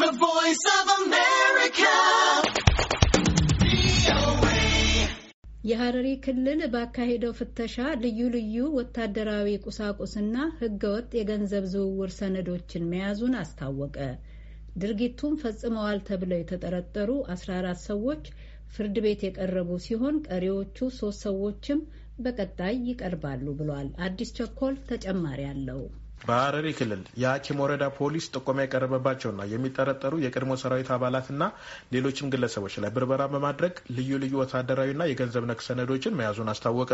The Voice of America. የሐረሪ ክልል ባካሄደው ፍተሻ ልዩ ልዩ ወታደራዊ ቁሳቁስና ሕገወጥ የገንዘብ ዝውውር ሰነዶችን መያዙን አስታወቀ። ድርጊቱም ፈጽመዋል ተብለው የተጠረጠሩ 14 ሰዎች ፍርድ ቤት የቀረቡ ሲሆን ቀሪዎቹ ሶስት ሰዎችም በቀጣይ ይቀርባሉ ብሏል። አዲስ ቸኮል ተጨማሪ አለው። በሀረሪ ክልል የሀኪም ወረዳ ፖሊስ ጥቆማ የቀረበባቸውና የሚጠረጠሩ የቀድሞ ሰራዊት አባላትና ሌሎችም ግለሰቦች ላይ ብርበራ በማድረግ ልዩ ልዩ ወታደራዊና የገንዘብ ነክ ሰነዶችን መያዙን አስታወቀ።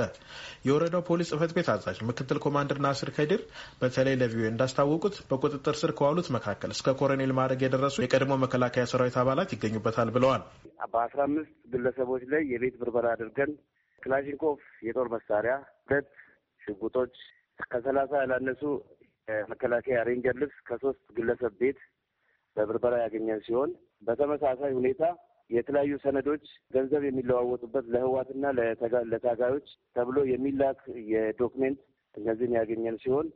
የወረዳው ፖሊስ ጽህፈት ቤት አዛዥ ምክትል ኮማንደር ናስር ከድር በተለይ ለቪኦኤ እንዳስታወቁት በቁጥጥር ስር ከዋሉት መካከል እስከ ኮሎኔል ማድረግ የደረሱ የቀድሞ መከላከያ ሰራዊት አባላት ይገኙበታል ብለዋል። በአስራ አምስት ግለሰቦች ላይ የቤት ብርበራ አድርገን ክላሽንኮቭ የጦር መሳሪያ፣ ሁለት ሽጉጦች ከሰላሳ ያላነሱ የመከላከያ ሬንጀር ልብስ ከሶስት ግለሰብ ቤት በብርበራ ያገኘን ሲሆን በተመሳሳይ ሁኔታ የተለያዩ ሰነዶች ገንዘብ የሚለዋወጡበት ለህዋትና ለታጋዮች ተብሎ የሚላክ የዶክሜንት እነዚህን ያገኘን ሲሆን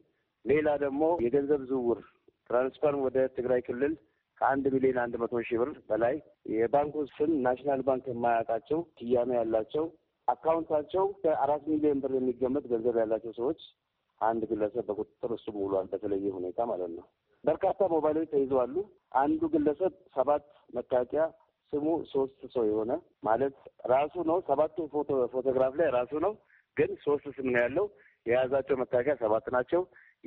ሌላ ደግሞ የገንዘብ ዝውውር ትራንስፈር ወደ ትግራይ ክልል ከአንድ ሚሊዮን አንድ መቶ ሺህ ብር በላይ የባንኩ ስም ናሽናል ባንክ የማያውቃቸው ስያሜ ያላቸው አካውንታቸው ከአራት ሚሊዮን ብር የሚገመት ገንዘብ ያላቸው ሰዎች አንድ ግለሰብ በቁጥጥር እሱ ውሏል። በተለየ ሁኔታ ማለት ነው። በርካታ ሞባይሎች ተይዘዋሉ። አንዱ ግለሰብ ሰባት መታወቂያ ስሙ ሶስት ሰው የሆነ ማለት ራሱ ነው። ሰባቱ ፎቶግራፍ ላይ ራሱ ነው፣ ግን ሶስት ስም ነው ያለው። የያዛቸው መታወቂያ ሰባት ናቸው።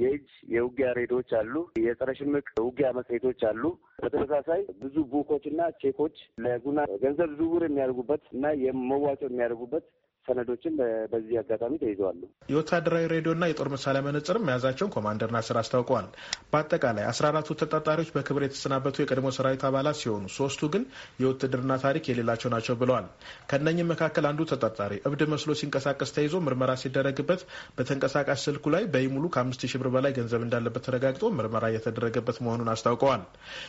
የእጅ የውጊያ ሬዲዎች አሉ። የጸረ ሽምቅ ውጊያ መጽሔቶች አሉ። በተመሳሳይ ብዙ ቡኮች እና ቼኮች ለጉና ገንዘብ ዝውውር የሚያደርጉበት እና የመዋጮ የሚያደርጉበት ሰነዶችም በዚህ አጋጣሚ ተይዘዋሉ። የወታደራዊ ሬዲዮና የጦር መሳሪያ መነጽርም መያዛቸውን ኮማንደር ናስር አስታውቀዋል። በአጠቃላይ አስራ አራቱ ተጠርጣሪዎች በክብር የተሰናበቱ የቀድሞ ሰራዊት አባላት ሲሆኑ ሶስቱ ግን የውትድርና ታሪክ የሌላቸው ናቸው ብለዋል። ከእነኝም መካከል አንዱ ተጠርጣሪ እብድ መስሎ ሲንቀሳቀስ ተይዞ ምርመራ ሲደረግበት በተንቀሳቃሽ ስልኩ ላይ በይሙሉ ከአምስት ሺህ ብር በላይ ገንዘብ እንዳለበት ተረጋግጦ ምርመራ እየተደረገበት መሆኑን አስታውቀዋል።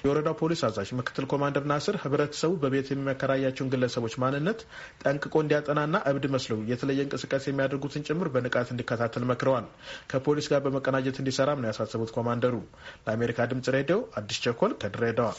የወረዳው ፖሊስ አዛዥ ምክትል ኮማንደር ናስር ህብረተሰቡ በቤት የሚያከራያቸውን ግለሰቦች ማንነት ጠንቅቆ እንዲያጠናና እብድ መስ የሚመስለው የተለየ እንቅስቃሴ የሚያደርጉትን ጭምር በንቃት እንዲከታተል መክረዋል። ከፖሊስ ጋር በመቀናጀት እንዲሰራም ነው ያሳሰቡት ኮማንደሩ። ለአሜሪካ ድምጽ ሬዲዮ አዲስ ቸኮል ከድሬዳዋ